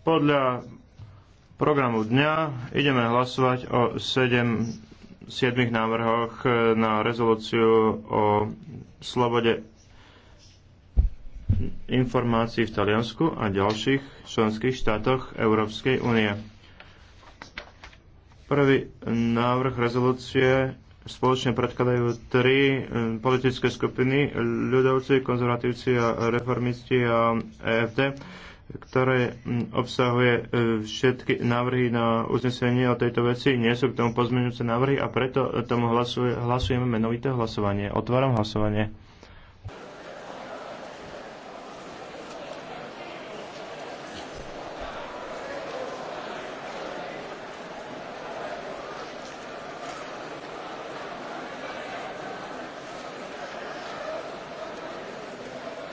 Podľa programu dňa ideme hlasovať o 7, 7 návrhoch na rezolúciu o slobode informácií v Taliansku a ďalších členských štátoch Európskej únie. Prvý návrh rezolúcie spoločne predkladajú tri hm, politické skupiny, ľudovci, konzervatívci a reformisti a EFD ktoré hm, obsahuje e, všetky návrhy na uznesenie o tejto veci. Nie sú k tomu pozmeňujúce návrhy a preto e, tomu hlasuje, hlasujeme menovité hlasovanie. Otváram hlasovanie.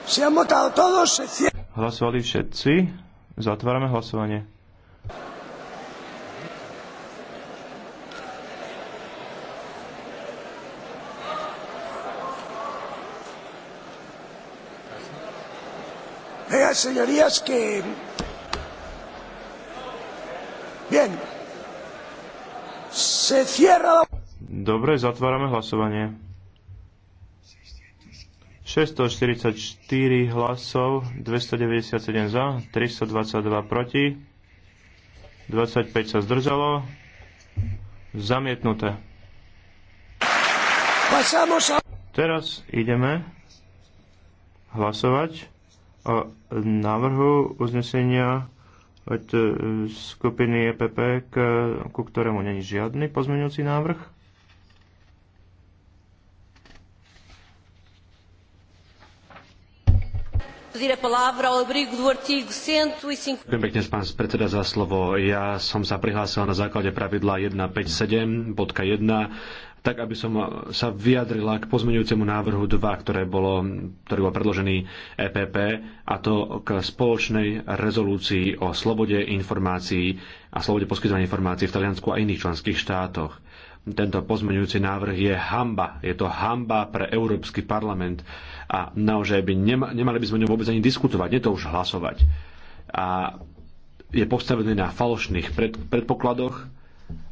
Se han votado todos, se cierra. Hlasovali všetci. Zatvárame hlasovanie. Vean, señorías, que... Bien. Se cierra... Dobre, zatvárame hlasovanie. 644 hlasov, 297 za, 322 proti, 25 sa zdržalo, zamietnuté. Teraz ideme hlasovať o návrhu uznesenia od e, skupiny EPP, ku ktorému není žiadny pozmeňujúci návrh. pedir a palavra ao abrigo do artigo 105. E e Ďakujem pekne, pán predseda, za slovo. Ja som sa prihlásil na základe pravidla 157.1 tak aby som sa vyjadrila k pozmeňujúcemu návrhu 2, ktoré bolo, ktorý bol predložený EPP, a to k spoločnej rezolúcii o slobode informácií a slobode poskytovania informácií v Taliansku a iných členských štátoch. Tento pozmeňujúci návrh je hamba. Je to hamba pre Európsky parlament a naozaj by nema, nemali by sme o ňom vôbec ani diskutovať, nie to už hlasovať. A je postavený na falošných pred, predpokladoch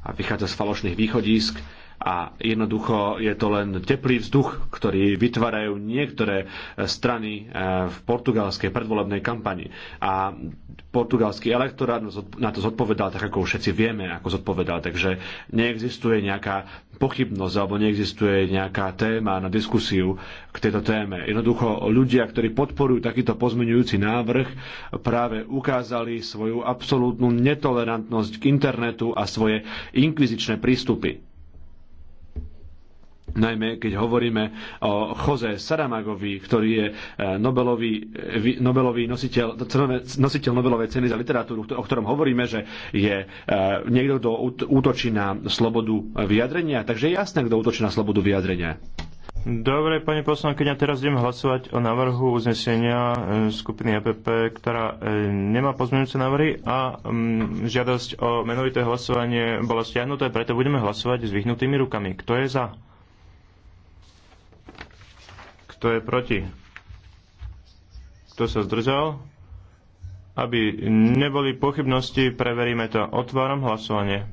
a vychádza z falošných východísk a jednoducho je to len teplý vzduch, ktorý vytvárajú niektoré e, strany e, v portugalskej predvolebnej kampani. A portugalský elektorát na to zodpovedal tak, ako všetci vieme, ako zodpovedal. Takže neexistuje nejaká pochybnosť alebo neexistuje nejaká téma na diskusiu k tejto téme. Jednoducho ľudia, ktorí podporujú takýto pozmeňujúci návrh, práve ukázali svoju absolútnu netolerantnosť k internetu a svoje inkvizičné prístupy najmä keď hovoríme o Jose Saramagovi, ktorý je e, Nobelový, e, Nobelový nositeľ, nositeľ Nobelovej ceny za literatúru, o ktorom hovoríme, že je e, niekto, kto útočí na slobodu vyjadrenia. Takže je jasné, kto útočí na slobodu vyjadrenia. Dobre, pani poslankyňa, teraz idem hlasovať o návrhu uznesenia skupiny EPP, ktorá nemá pozmeňujúce návrhy a mm, žiadosť o menovité hlasovanie bola stiahnuté, preto budeme hlasovať s vyhnutými rukami. Kto je za? Kto je proti? Kto sa zdržal? Aby neboli pochybnosti, preveríme to. Otváram hlasovanie.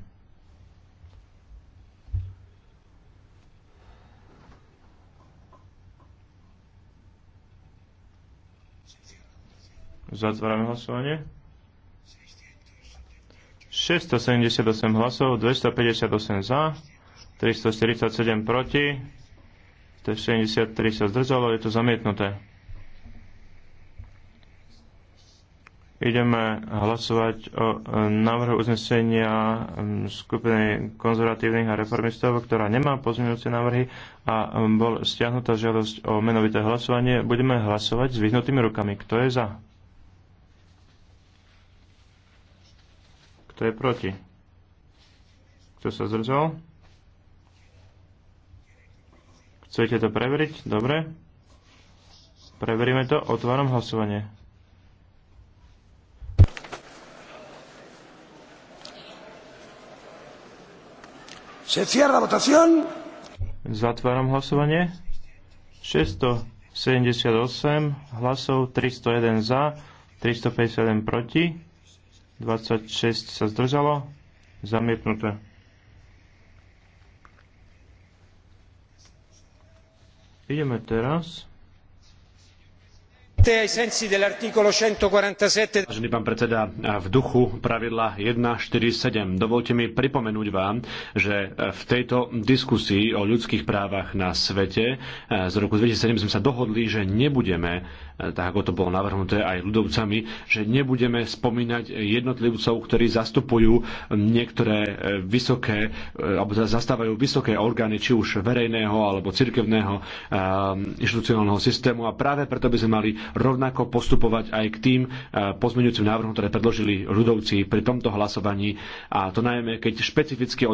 Zatvárame hlasovanie. 678 hlasov, 258 za, 347 proti to 73 sa zdržalo, je to zamietnuté. Ideme hlasovať o e, návrhu uznesenia skupiny konzervatívnych a reformistov, ktorá nemá pozmeňujúce návrhy a bol stiahnutá žiadosť o menovité hlasovanie. Budeme hlasovať s vyhnutými rukami. Kto je za? Kto je proti? Kto sa zdržal? Chcete to preveriť? Dobre. Preveríme to. Otváram hlasovanie. Se cierra votación. Zatváram hlasovanie. 678 hlasov, 301 za, 351 proti, 26 sa zdržalo, zamietnuté. Ideme teraz. Vážený pán predseda, v duchu pravidla 147 dovolte mi pripomenúť vám, že v tejto diskusii o ľudských právach na svete eh, z roku 2007 sme sa dohodli, že nebudeme eh, E, tak ako to bolo navrhnuté aj ľudovcami, že nebudeme spomínať jednotlivcov, ktorí zastupujú niektoré e, vysoké, e, alebo zastávajú vysoké orgány, či už verejného alebo cirkevného inštitucionálneho systému a práve preto by sme mali rovnako postupovať aj k tým pozmeňujúcim návrhom, ktoré predložili ľudovci pri tomto hlasovaní a to najmä, keď špecificky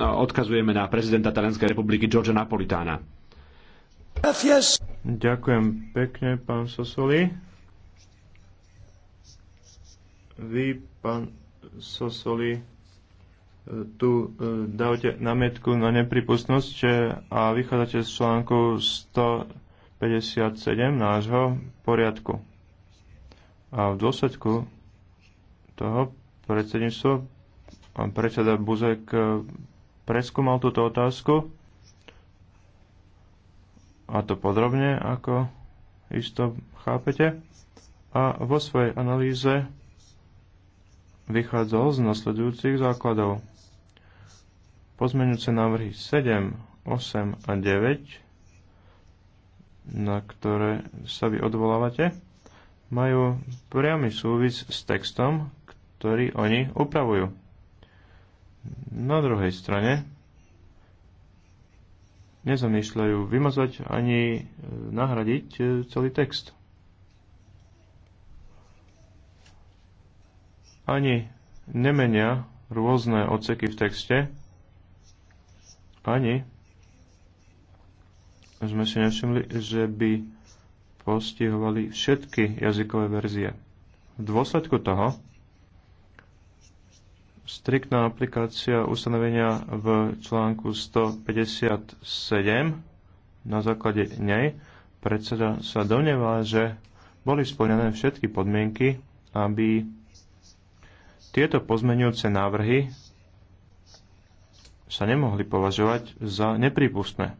odkazujeme na prezidenta Talianskej republiky Georgia Napolitána. Ďakujem pekne, pán Sosoli. Vy, pán Sosoli, e, tu e, dávate námietku na nepripustnosť a vychádzate z článku 157 nášho poriadku. A v dôsledku toho predsedníctvo pán predseda Buzek e, preskúmal túto otázku a to podrobne, ako isto chápete. A vo svojej analýze vychádzal z nasledujúcich základov. Pozmeňujúce návrhy 7, 8 a 9, na ktoré sa vy odvolávate, majú priamy súvis s textom, ktorý oni upravujú. Na druhej strane, nezamýšľajú vymazať ani e, nahradiť e, celý text. Ani nemenia rôzne odseky v texte, ani sme si nevšimli, že by postihovali všetky jazykové verzie. V dôsledku toho striktná aplikácia ustanovenia v článku 157 na základe nej predseda sa domnieva, že boli splnené všetky podmienky, aby tieto pozmenujúce návrhy sa nemohli považovať za neprípustné.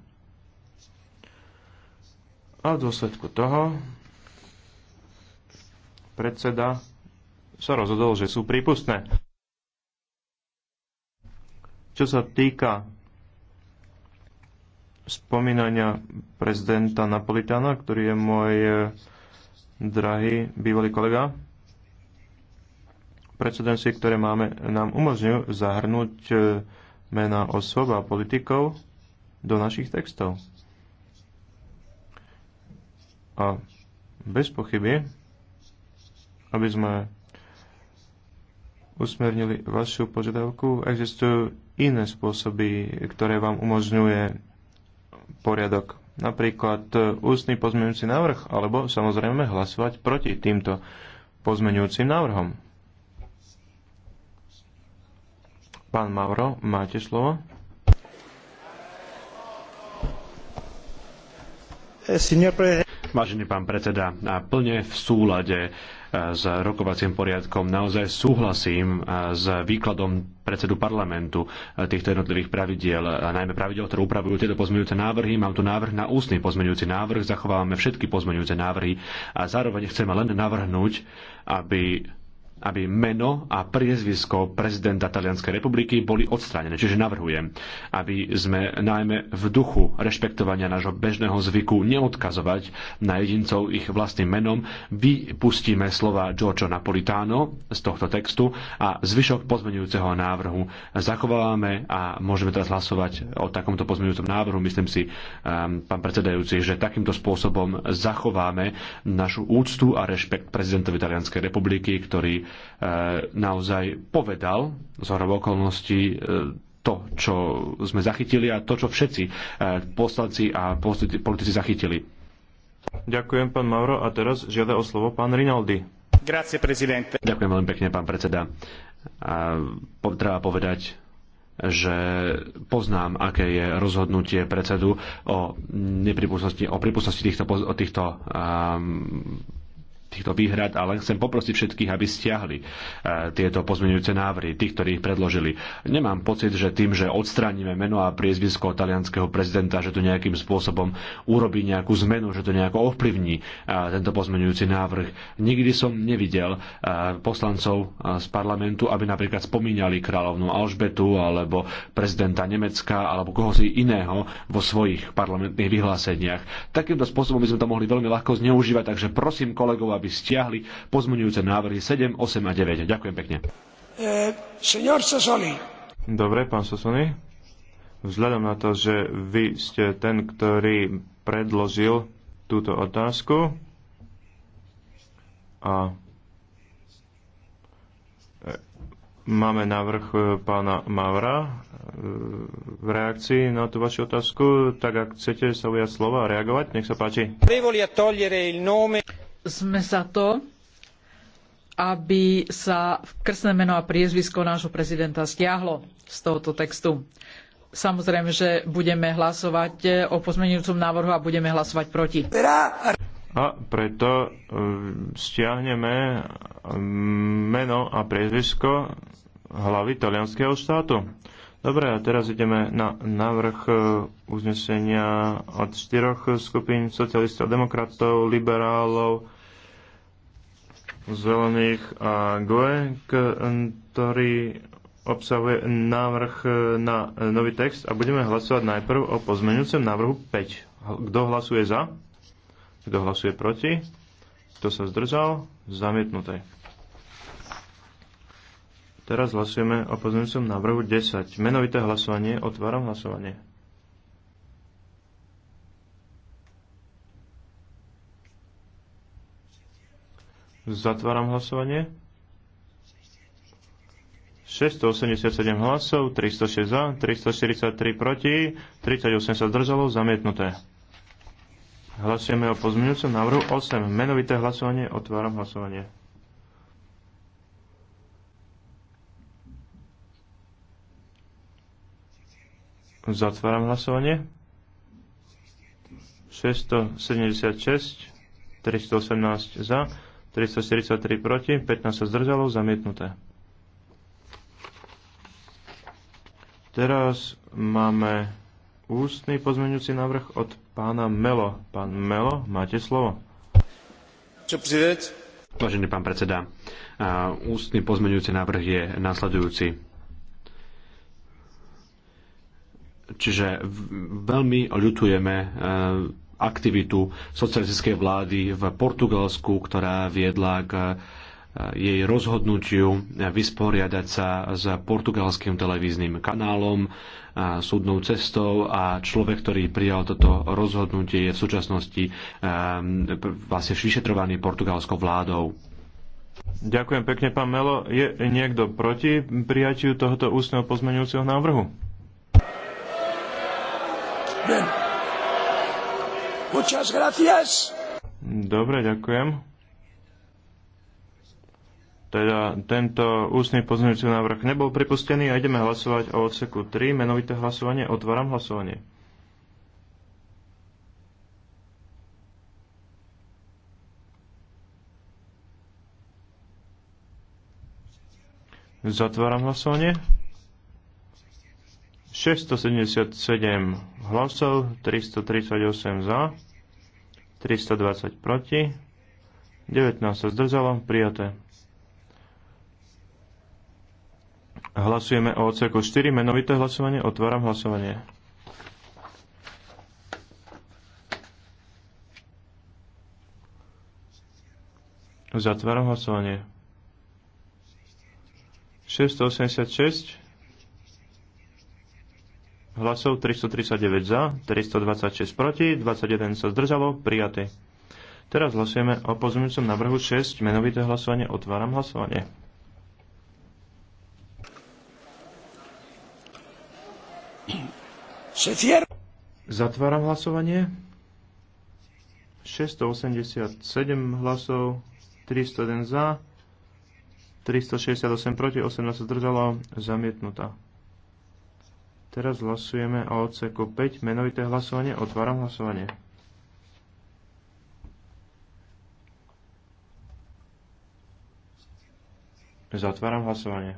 A v dôsledku toho predseda sa rozhodol, že sú prípustné. Čo sa týka spomínania prezidenta Napolitana, ktorý je môj e, drahý bývalý kolega, precedencie, ktoré máme, nám umožňujú zahrnúť e, mena osob a politikov do našich textov. A bez pochyby, aby sme usmernili vašu požiadavku, existujú iné spôsoby, ktoré vám umožňuje poriadok. Napríklad e, ústny pozmeňujúci návrh, alebo samozrejme hlasovať proti týmto pozmeňujúcim návrhom. Pán Mauro, máte slovo. E, Vážený pán predseda, plne v súlade s rokovacím poriadkom. Naozaj súhlasím s výkladom predsedu parlamentu týchto jednotlivých pravidiel, a najmä pravidel, ktoré upravujú tieto pozmeňujúce návrhy. Mám tu návrh na ústny pozmeňujúci návrh, zachovávame všetky pozmeňujúce návrhy a zároveň chceme len navrhnúť, aby aby meno a priezvisko prezidenta Talianskej republiky boli odstranené. Čiže navrhujem, aby sme najmä v duchu rešpektovania nášho bežného zvyku neodkazovať na jedincov ich vlastným menom. Vypustíme slova Giorgio Napolitano z tohto textu a zvyšok pozmenujúceho návrhu zachovávame a môžeme teraz hlasovať o takomto pozmenujúcom návrhu. Myslím si, um, pán predsedajúci, že takýmto spôsobom zachováme našu úctu a rešpekt prezidentovi Talianskej republiky, ktorý naozaj povedal z okolností e, to, čo sme zachytili a to, čo všetci e, poslanci a politici zachytili. Ďakujem, pán Mauro. A teraz žiada o slovo pán Rinaldi. Grazie, prezidente. Ďakujem veľmi pekne, pán predseda. A po, treba povedať, že poznám, aké je rozhodnutie predsedu o o prípustnosti týchto, o týchto um, týchto výhrad, ale chcem poprosiť všetkých, aby stiahli e, tieto pozmeňujúce návrhy, tých, ktorí ich predložili. Nemám pocit, že tým, že odstránime meno a priezvisko talianského prezidenta, že to nejakým spôsobom urobí nejakú zmenu, že to nejako ovplyvní e, tento pozmeňujúci návrh. Nikdy som nevidel e, poslancov z parlamentu, aby napríklad spomínali kráľovnú Alžbetu alebo prezidenta Nemecka alebo koho si iného vo svojich parlamentných vyhláseniach. Takýmto spôsobom by sme to mohli veľmi ľahko zneužívať, takže prosím kolegov, aby stiahli pozmenujúce návrhy 7, 8 a 9. Ďakujem pekne. E, Dobre, pán Sosony. Vzhľadom na to, že vy ste ten, ktorý predložil túto otázku a e, Máme návrh e, pána Mavra v reakcii na tú vašu otázku. Tak ak chcete sa ujať slova a reagovať, nech sa páči sme za to, aby sa krstné meno a priezvisko nášho prezidenta stiahlo z tohoto textu. Samozrejme, že budeme hlasovať eh, o pozmenujúcom návrhu a budeme hlasovať proti. A preto eh, stiahneme mm, meno a priezvisko hlavy talianského štátu. Dobre, a teraz ideme na návrh eh, uznesenia od štyroch skupín socialistov, demokratov, liberálov, zelených a goe, ktorý obsahuje návrh na nový text a budeme hlasovať najprv o pozmeňujúcem návrhu 5. Kto hlasuje za? Kto hlasuje proti? Kto sa zdržal? Zamietnuté. Teraz hlasujeme o pozmeňujúcom návrhu 10. Menovité hlasovanie. Otváram hlasovanie. Zatváram hlasovanie. 687 hlasov, 306 za, 343 proti, 38 sa zdržalo, zamietnuté. Hlasujeme o pozmeňujúcom návrhu 8. Menovité hlasovanie, otváram hlasovanie. Zatváram hlasovanie. 676, 318 za, 343 proti, 15 sa zdržalo, zamietnuté. Teraz máme ústny pozmeňujúci návrh od pána Melo. Pán Melo, máte slovo. Čo prezident? Vážený pán predseda, ústny pozmeňujúci návrh je následujúci. Čiže veľmi ľutujeme aktivitu socialistickej vlády v Portugalsku, ktorá viedla k e, jej rozhodnutiu vysporiadať sa s portugalským televíznym kanálom, e, súdnou cestou a človek, ktorý prijal toto rozhodnutie, je v súčasnosti e, vlastne vyšetrovaný portugalskou vládou. Ďakujem pekne, pán Melo. Je niekto proti prijatiu tohoto ústneho pozmenujúceho návrhu? Yeah. Muchas gracias. Dobre, ďakujem. Teda tento ústny pozmeňujúci návrh nebol pripustený a ideme hlasovať o odseku 3. Menovité hlasovanie. Otváram hlasovanie. Zatváram hlasovanie. 677 hlasov, 338 za, 320 proti, 19 sa zdržalo, prijaté. Hlasujeme o odseku 4, menovité hlasovanie, otváram hlasovanie. Zatváram hlasovanie. 686 hlasov, 339 za, 326 proti, 21 sa zdržalo, prijatý. Teraz hlasujeme o pozmeňujúcom návrhu 6, menovité hlasovanie, otváram hlasovanie. Zatváram hlasovanie. 687 hlasov, 301 za, 368 proti, 18 zdržalo, zamietnutá. Teraz hlasujeme o odseku 5, menovité hlasovanie. Otváram hlasovanie. Zatváram hlasovanie.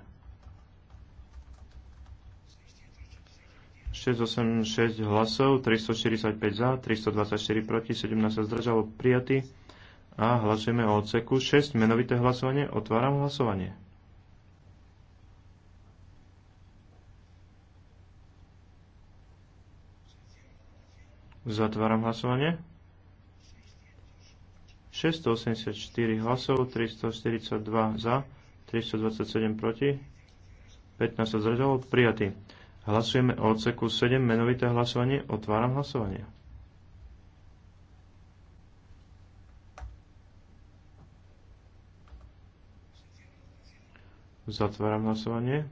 686 hlasov, 345 za, 324 proti, 17 sa zdržalo prijatý. A hlasujeme o odseku 6, menovité hlasovanie. Otváram hlasovanie. Zatváram hlasovanie. 684 hlasov, 342 za, 327 proti, 15 sa zdržalo, prijatý. Hlasujeme o odseku 7, menovité hlasovanie, otváram hlasovanie. Zatváram hlasovanie.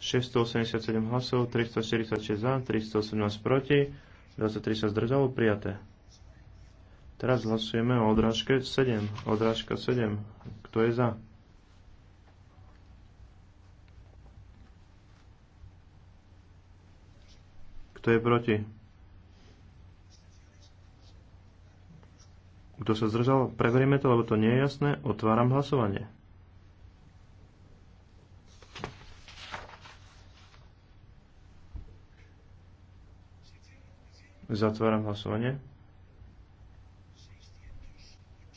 687 hlasov, 346 za, 318 proti, 23 sa zdržalo, prijaté. Teraz hlasujeme o odrážke 7. Odrážka 7. Kto je za? Kto je proti? Kto sa zdržal? Preveríme to, lebo to nie je jasné. Otváram hlasovanie. Zatváram hlasovanie.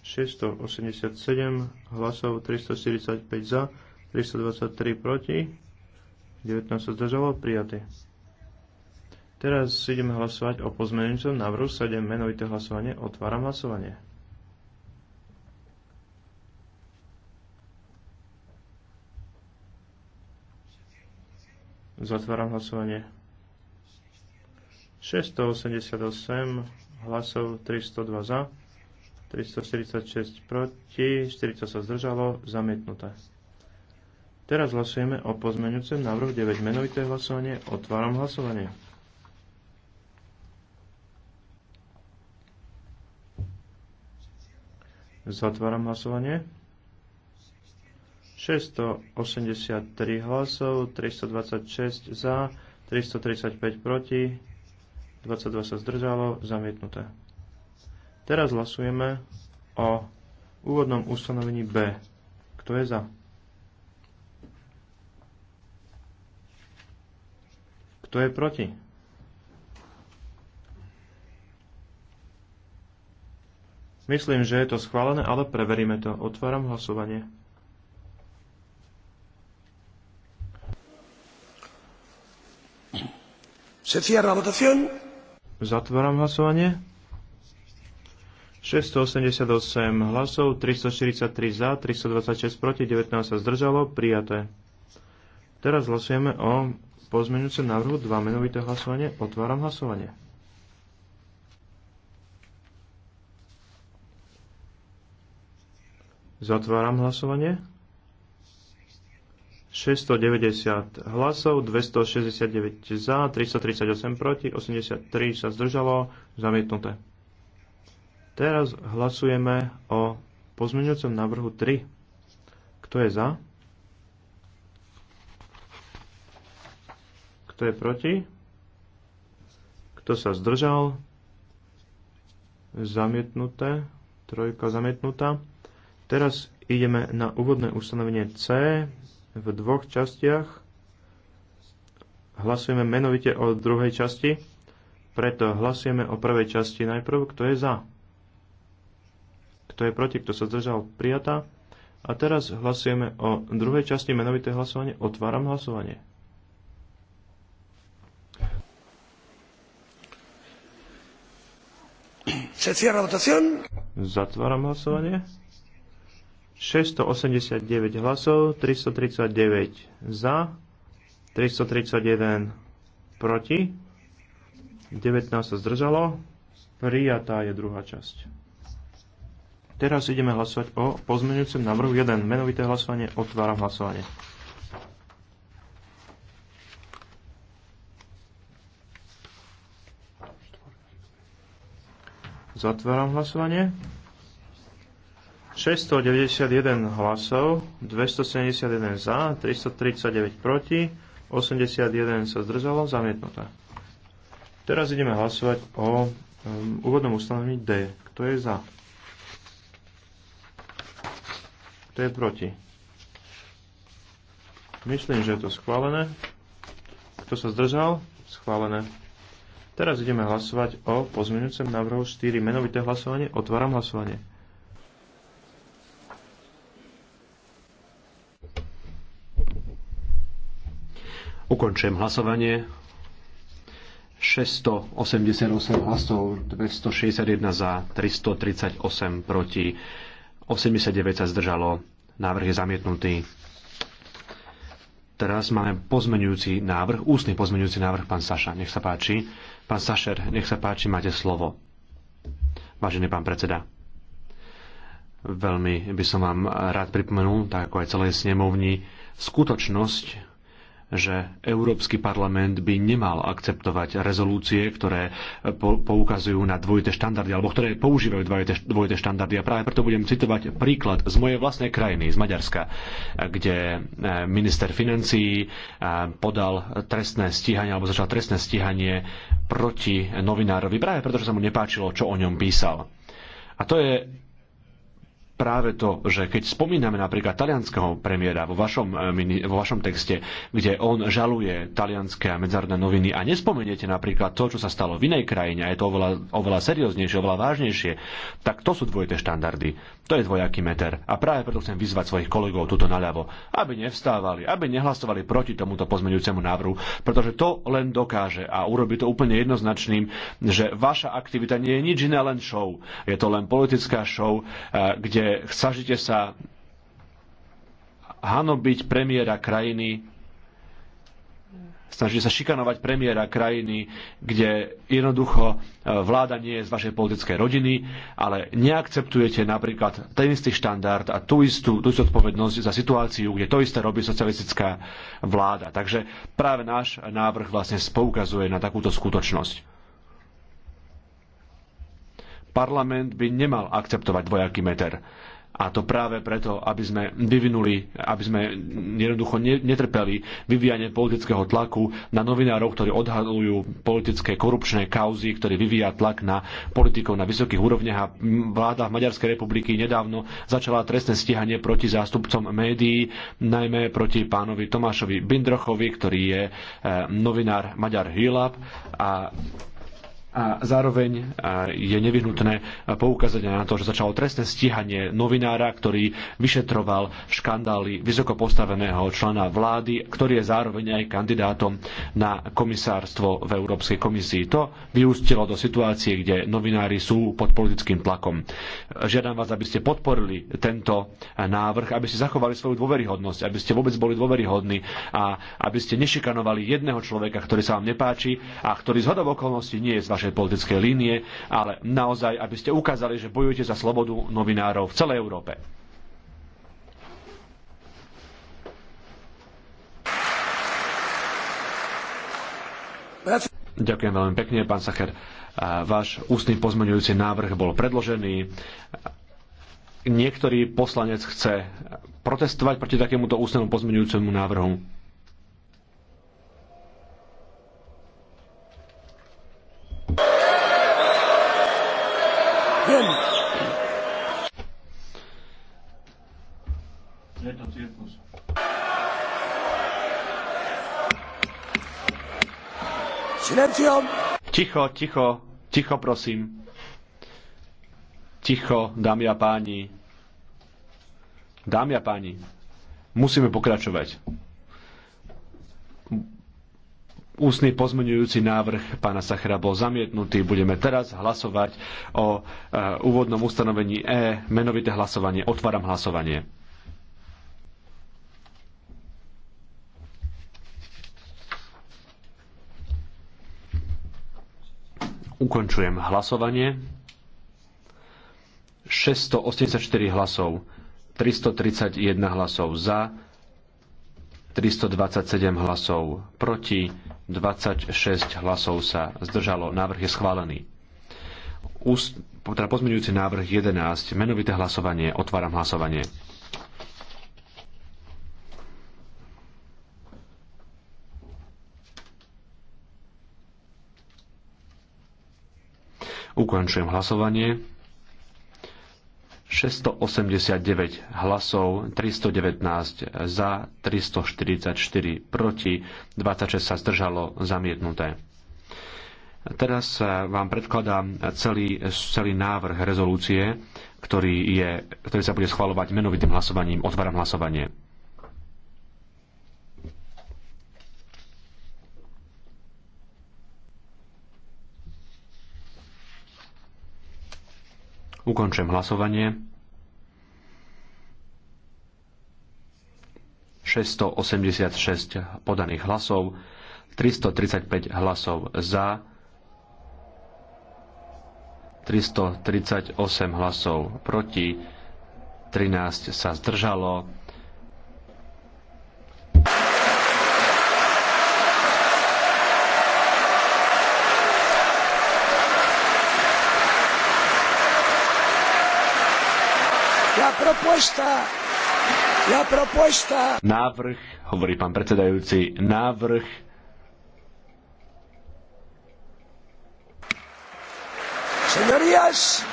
687 hlasov, 345 za, 323 proti, 19 sa zdržalo, prijatý. Teraz ideme hlasovať o pozmeňujúcom návrhu 7 menovité hlasovanie. Otváram hlasovanie. Zatváram hlasovanie. 688 hlasov, 302 za, 346 proti, 40 sa zdržalo, zamietnuté. Teraz hlasujeme o pozmeňujúcem návrhu 9 menovité hlasovanie. Otváram hlasovanie. Zatváram hlasovanie. 683 hlasov, 326 za, 335 proti, 22 sa zdržalo, zamietnuté. Teraz hlasujeme o úvodnom ustanovení B. Kto je za? Kto je proti? Myslím, že je to schválené, ale preveríme to. Otváram hlasovanie. Se cierra votación. Zatváram hlasovanie. 688 hlasov, 343 za, 326 proti, 19 sa zdržalo, prijaté. Teraz hlasujeme o pozmeňujúcom návrhu 2 menovité hlasovanie. Otváram hlasovanie. Zatváram hlasovanie. 690 hlasov, 269 za, 338 proti, 83 sa zdržalo, zamietnuté. Teraz hlasujeme o pozmeňujúcom návrhu 3. Kto je za? Kto je proti? Kto sa zdržal? Zamietnuté. Trojka zamietnutá. Teraz ideme na úvodné ustanovenie C v dvoch častiach. Hlasujeme menovite o druhej časti, preto hlasujeme o prvej časti najprv, kto je za, kto je proti, kto sa zdržal, prijatá. A teraz hlasujeme o druhej časti menovité hlasovanie. Otváram hlasovanie. Se cierra votación. Zatváram hlasovanie. 689 hlasov, 339 za, 331 proti, 19 sa zdržalo, prijatá je druhá časť. Teraz ideme hlasovať o pozmeňujúcom návrhu 1. Menovité hlasovanie, otváram hlasovanie. Zatváram hlasovanie. 691 hlasov, 271 za, 339 proti, 81 sa zdržalo, zamietnuté. Teraz ideme hlasovať o um, úvodnom ustanovení D. Kto je za? Kto je proti? Myslím, že je to schválené. Kto sa zdržal? Schválené. Teraz ideme hlasovať o pozmeňujúcem návrhu 4. Menovité hlasovanie. Otváram hlasovanie. Ukončujem hlasovanie. 688 hlasov, 261 za, 338 proti, 89 sa zdržalo. Návrh je zamietnutý. Teraz máme pozmenujúci návrh, ústny pozmenujúci návrh pán Saša. Nech sa páči. Pán Sašer, nech sa páči, máte slovo. Vážený pán predseda, veľmi by som vám rád pripomenul, tak ako aj celej snemovni, skutočnosť, že Európsky parlament by nemal akceptovať rezolúcie, ktoré poukazujú na dvojité štandardy, alebo ktoré používajú dvojité, štandardy. A práve preto budem citovať príklad z mojej vlastnej krajiny, z Maďarska, kde e, minister financií e, podal trestné stíhanie, alebo začal trestné stíhanie proti novinárovi, práve preto, že sa mu nepáčilo, čo o ňom písal. A to je práve to, že keď spomíname napríklad talianského premiéra vo vašom, eh, vo vašom texte, kde on žaluje talianské a medzárodné noviny a nespomeniete napríklad to, čo sa stalo v inej krajine a je to oveľa, oveľa serióznejšie, oveľa vážnejšie, tak to sú dvojité štandardy. To je dvojaký meter. A práve preto chcem vyzvať svojich kolegov tuto naľavo, aby nevstávali, aby nehlasovali proti tomuto pozmeňujúcemu návrhu, pretože to len dokáže a urobi to úplne jednoznačným, že vaša aktivita nie je nič iné, len show. Je to len politická show, eh, kde snažíte sa hanobiť premiéra krajiny, snažíte sa šikanovať premiéra krajiny, kde jednoducho e, vláda nie je z vašej politickej rodiny, ale neakceptujete napríklad ten istý štandard a tú istú, tú istú odpovednosť za situáciu, kde to isté robí socialistická vláda. Takže práve náš návrh vlastne spoukazuje na takúto skutočnosť. Parlament by nemal akceptovať dvojaký meter. A to práve preto, aby sme vyvinuli, aby sme jednoducho netrpeli vyvíjanie politického tlaku na novinárov, ktorí odhalujú politické korupčné kauzy, ktorí vyvíja tlak na politikov na vysokých úrovniach. A vláda v Maďarskej republiky nedávno začala trestné stíhanie proti zástupcom médií, najmä proti pánovi Tomášovi Bindrochovi, ktorý je eh, novinár Maďar Hilab a a zároveň je nevyhnutné poukázať na to, že začalo trestné stíhanie novinára, ktorý vyšetroval škandály vysoko postaveného člana vlády, ktorý je zároveň aj kandidátom na komisárstvo v Európskej komisii. To vyústilo do situácie, kde novinári sú pod politickým tlakom. Žiadam vás, aby ste podporili tento návrh, aby ste zachovali svoju dôveryhodnosť, aby ste vôbec boli dôveryhodní a aby ste nešikanovali jedného človeka, ktorý sa vám nepáči a ktorý z hodov okolností nie je z vašej politickej línie, ale naozaj, aby ste ukázali, že bojujete za slobodu novinárov v celej Európe. Ďakujem veľmi pekne, pán Sacher. Váš ústny pozmeňujúci návrh bol predložený. Niektorý poslanec chce protestovať proti takémuto ústnemu pozmeňujúcemu návrhu. Silencio. Ticho, ticho, ticho prosím. Ticho, dámy a páni. Dámy a páni, musíme pokračovať. Ústny pozmenujúci návrh pána Sachra bol zamietnutý. Budeme teraz hlasovať o e, úvodnom ustanovení E, menovité hlasovanie. Otváram hlasovanie. Ukončujem hlasovanie. 684 hlasov, 331 hlasov za, 327 hlasov proti, 26 hlasov sa zdržalo. Návrh je schválený. Úst, teda pozmeňujúci návrh 11, menovité hlasovanie, otváram hlasovanie. Ukončujem hlasovanie. 689 hlasov, 319 za, 344 proti, 26 sa zdržalo zamietnuté. Teraz eh, vám predkladám celý, celý návrh rezolúcie, ktorý, je, ktorý sa bude schvalovať menovitým hlasovaním. Otváram hlasovanie. Ukončujem hlasovanie. 686 podaných hlasov, 335 hlasov za, 338 hlasov proti, 13 sa zdržalo. propuesta, la propuesta... Návrh, hovorí pán predsedajúci, návrh Señorías,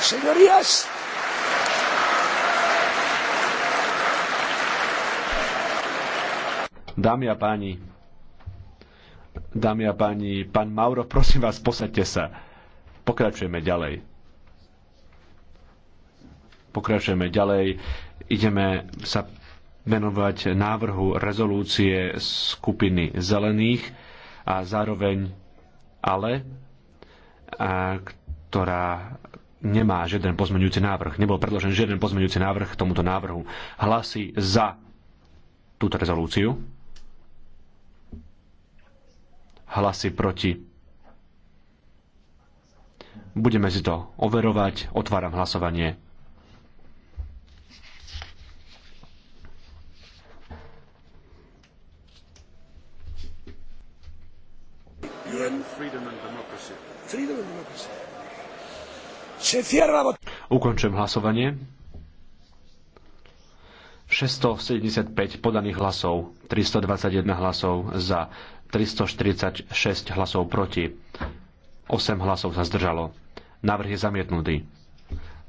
Señorías, Dámy a páni, dámy a páni, pán Mauro, prosím vás, posaďte sa. Pokračujeme ďalej. Pokračujeme ďalej. Ideme sa venovať návrhu rezolúcie skupiny zelených a zároveň ale, a, ktorá nemá žiaden pozmeňujúci návrh. Nebol predložený žiaden pozmeňujúci návrh k tomuto návrhu. Hlasy za túto rezolúciu hlasy proti. Budeme si to overovať. Otváram hlasovanie. Ukončujem hlasovanie. 675 podaných hlasov, 321 hlasov za, 346 hlasov proti, 8 hlasov sa zdržalo. Návrh je zamietnutý.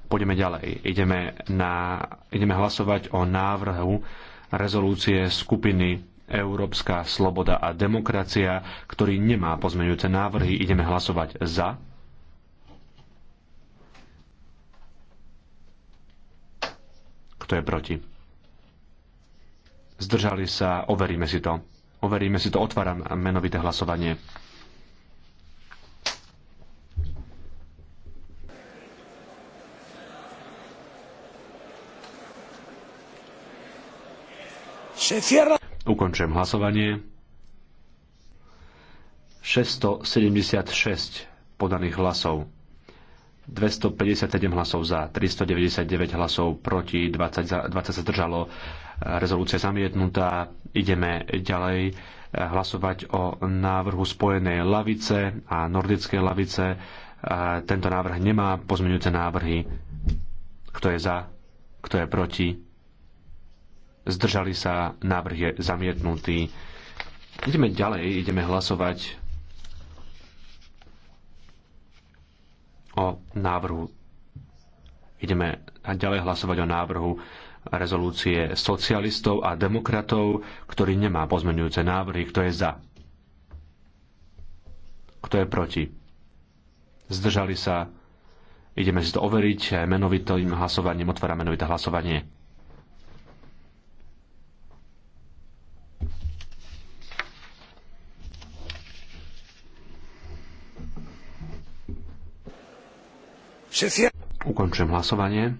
Poďme ďalej. Ideme, na, ideme hlasovať o návrhu rezolúcie skupiny Európska sloboda a demokracia, ktorý nemá pozmeňujúce návrhy. Ideme hlasovať za. Kto je proti? Zdržali sa, overíme si to. Overíme si to, otváram menovité hlasovanie. Ukončujem hlasovanie. 676 podaných hlasov. 257 hlasov za, 399 hlasov proti, 20, za, 20 sa zdržalo, rezolúcia zamietnutá. Ideme ďalej eh, hlasovať o návrhu spojenej lavice a nordickej lavice. Eh, tento návrh nemá pozmeňujúce návrhy. Kto je za? Kto je proti? Zdržali sa, návrh je zamietnutý. Ideme ďalej, ideme hlasovať o návrhu. Ideme ďalej hlasovať o návrhu rezolúcie socialistov a demokratov, ktorý nemá pozmenujúce návrhy. Kto je za? Kto je proti? Zdržali sa? Ideme si to overiť menovitým hlasovaním. Otváram menovité hlasovanie. Ukončujem hlasovanie.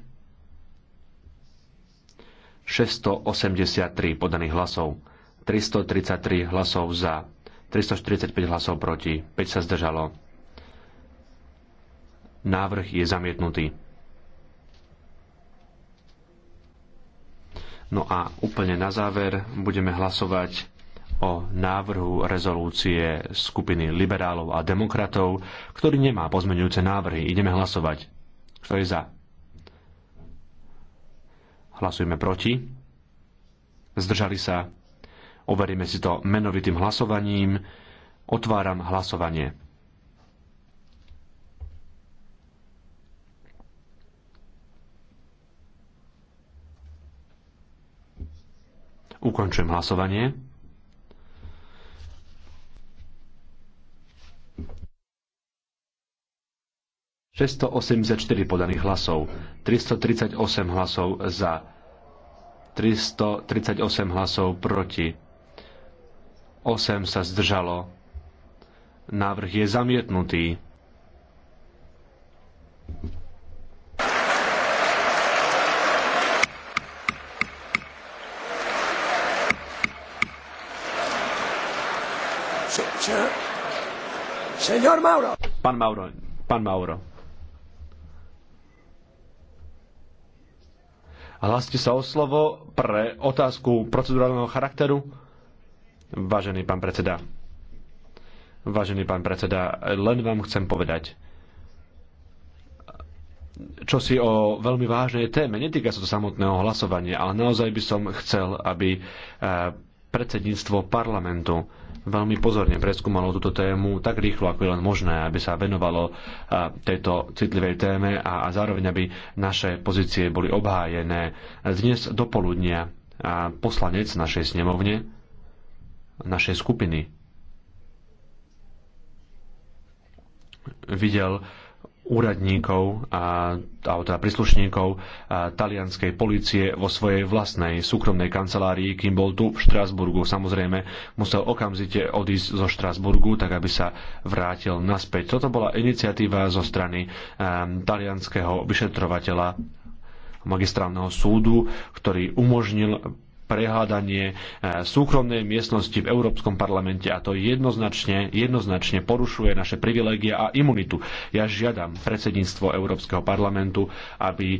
683 podaných hlasov, 333 hlasov za, 345 hlasov proti, 5 sa zdržalo. Návrh je zamietnutý. No a úplne na záver budeme hlasovať o návrhu rezolúcie skupiny liberálov a demokratov, ktorý nemá pozmeňujúce návrhy. Ideme hlasovať. Kto je za? Hlasujeme proti. Zdržali sa. Overíme si to menovitým hlasovaním. Otváram hlasovanie. Ukončujem hlasovanie. 684 podaných hlasov, 338 hlasov za, 338 hlasov proti, 8 sa zdržalo. Návrh je zamietnutý. Pán Mauro, pán Mauro. Hláste sa o slovo pre otázku procedurálneho charakteru. Vážený pán predseda, vážený pán predseda, len vám chcem povedať, čo si o veľmi vážnej téme. Netýka sa to samotného hlasovania, ale naozaj by som chcel, aby eh, predsedníctvo parlamentu veľmi pozorne preskúmalo túto tému tak rýchlo, ako je len možné, aby sa venovalo tejto citlivej téme a, zároveň, aby naše pozície boli obhájené. Dnes do poludnia poslanec našej snemovne, našej skupiny, videl úradníkov, alebo teda príslušníkov talianskej policie vo svojej vlastnej súkromnej kancelárii, kým bol tu v Štrásburgu. Samozrejme, musel okamžite odísť zo Štrásburgu, tak aby sa vrátil naspäť. Toto bola iniciatíva zo strany talianského vyšetrovateľa magistrálneho súdu, ktorý umožnil prehádanie e, súkromnej miestnosti v Európskom parlamente a to jednoznačne, jednoznačne porušuje naše privilégie a imunitu. Ja žiadam predsedníctvo Európskeho parlamentu, aby e,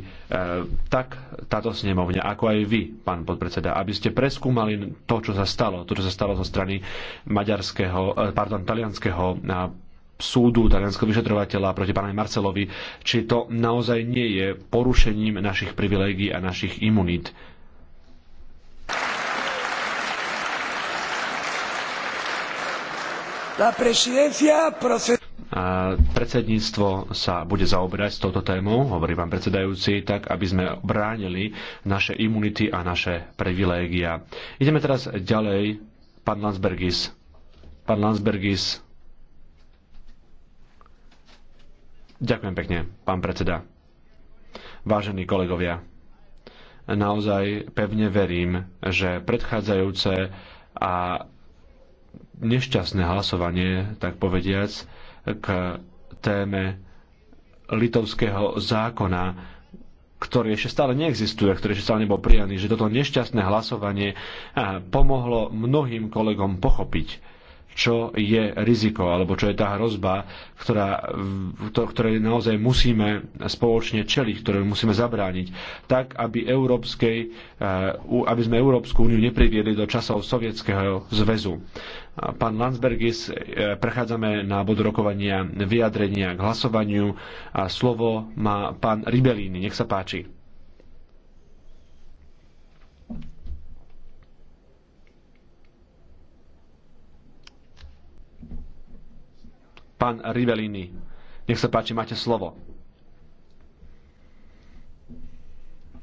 tak táto snemovňa, ako aj vy, pán podpredseda, aby ste preskúmali to, čo sa stalo, to, čo sa stalo zo strany maďarského, e, pardon, talianského súdu talianského vyšetrovateľa proti pánovi Marcelovi, či to naozaj nie je porušením našich privilégií a našich imunít. Predsedníctvo sa bude zaoberať s touto témou, hovorí pán predsedajúci, tak aby sme bránili naše imunity a naše privilégia. Ideme teraz ďalej. Pán Landsbergis. Pán Landsbergis. Ďakujem pekne, pán predseda. Vážení kolegovia, naozaj pevne verím, že predchádzajúce a nešťastné hlasovanie, tak povediac, k téme litovského zákona, ktorý ešte stále neexistuje, ktorý ešte stále nebol prijaný, že toto nešťastné hlasovanie pomohlo mnohým kolegom pochopiť, čo je riziko alebo čo je tá hrozba, ktorá, to, ktorej naozaj musíme spoločne čeliť, ktoré musíme zabrániť, tak aby, európskej, aby sme Európsku úniu nepriviedli do časov Sovietskeho zväzu. Pán Landsbergis, e, prechádzame na bod rokovania, vyjadrenia k hlasovaniu a slovo má pán Ribelíny. Nech sa páči. Pán Ribelíny, nech sa páči, máte slovo.